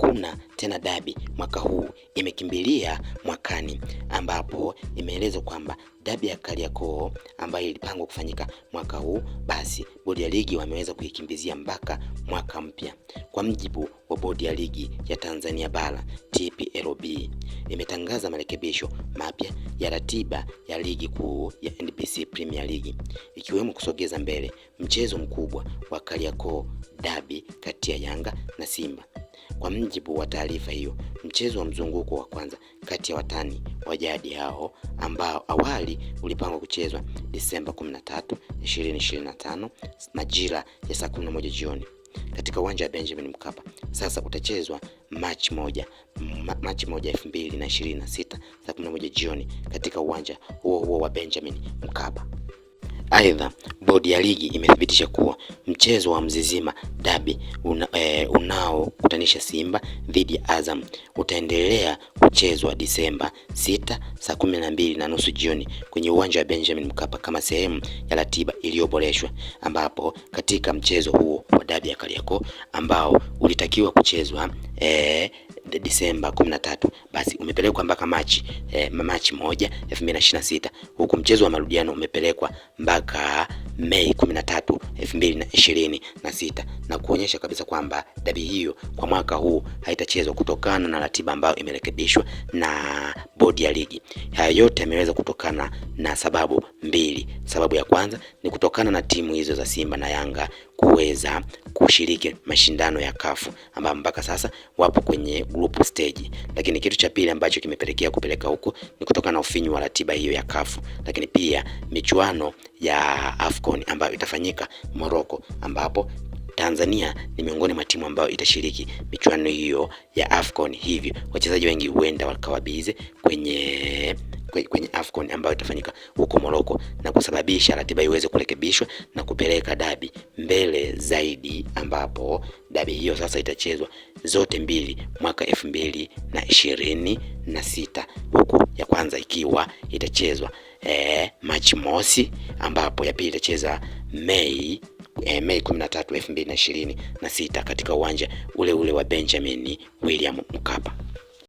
hakuna tena dabi mwaka huu, imekimbilia mwakani, ambapo imeelezwa kwamba dabi ya Kariakoo ambayo ilipangwa kufanyika mwaka huu, basi bodi ya ligi wameweza kuikimbizia mpaka mwaka mpya. Kwa mjibu wa bodi ya ligi ya Tanzania Bara TPLB, imetangaza marekebisho mapya ya ratiba ya ligi kuu ya NBC Premier League, ikiwemo kusogeza mbele mchezo mkubwa wa Kariakoo dabi kati ya Yanga na Simba kwa mjibu wa taarifa hiyo, mchezo wa mzunguko wa kwanza kati ya watani wa jadi hao ambao awali ulipangwa kuchezwa Disemba 13, 2025 majira ya saa 11 jioni katika uwanja wa Benjamin Mkapa sasa utachezwa Machi moja ma Machi moja elfu mbili na ishirini na sita saa kumi na moja jioni katika uwanja huo huo wa Benjamin Mkapa. Aidha, bodi ya ligi imethibitisha kuwa mchezo wa Mzizima Dabi una, e, unaokutanisha Simba dhidi ya Azam utaendelea kuchezwa Disemba 6 saa kumi na nusu jioni kwenye uwanja wa Benjamin Mkapa kama sehemu ya ratiba iliyoboreshwa, ambapo katika mchezo huo wa dabi ya Kariakoo ambao ulitakiwa kuchezwa e, Disemba 13 basi umepelekwa mpaka Machi eh, Machi 1 2026 huku mchezo wa marudiano umepelekwa mpaka Mei 13 2026 na kuonyesha kabisa kwamba dabi hiyo kwa mwaka huu haitachezwa kutokana na ratiba ambayo imerekebishwa na bodi ya ligi. Haya yote yameweza kutokana na sababu mbili. Sababu ya kwanza ni kutokana na timu hizo za Simba na Yanga kuweza kushiriki mashindano ya kafu ambapo mpaka sasa wapo kwenye group stage. Lakini kitu cha pili ambacho kimepelekea kupeleka huko ni kutokana na ufinyu wa ratiba hiyo ya kafu lakini pia michuano ya AFCON ambayo itafanyika Morocco, ambapo Tanzania ni miongoni mwa timu ambayo itashiriki michuano hiyo ya AFCON, hivyo wachezaji wengi huenda wakawabize kwenye kwenye AFCON ambayo itafanyika huko Morocco na kusababisha ratiba iweze kurekebishwa na kupeleka dabi mbele zaidi, ambapo dabi hiyo sasa itachezwa zote mbili mwaka elfu mbili na ishirini na sita huku ya kwanza ikiwa itachezwa e, eh, Machi mosi ambapo ya pili itacheza Mei e, Mei 13, 2026 katika uwanja ule ule wa Benjamin William Mkapa.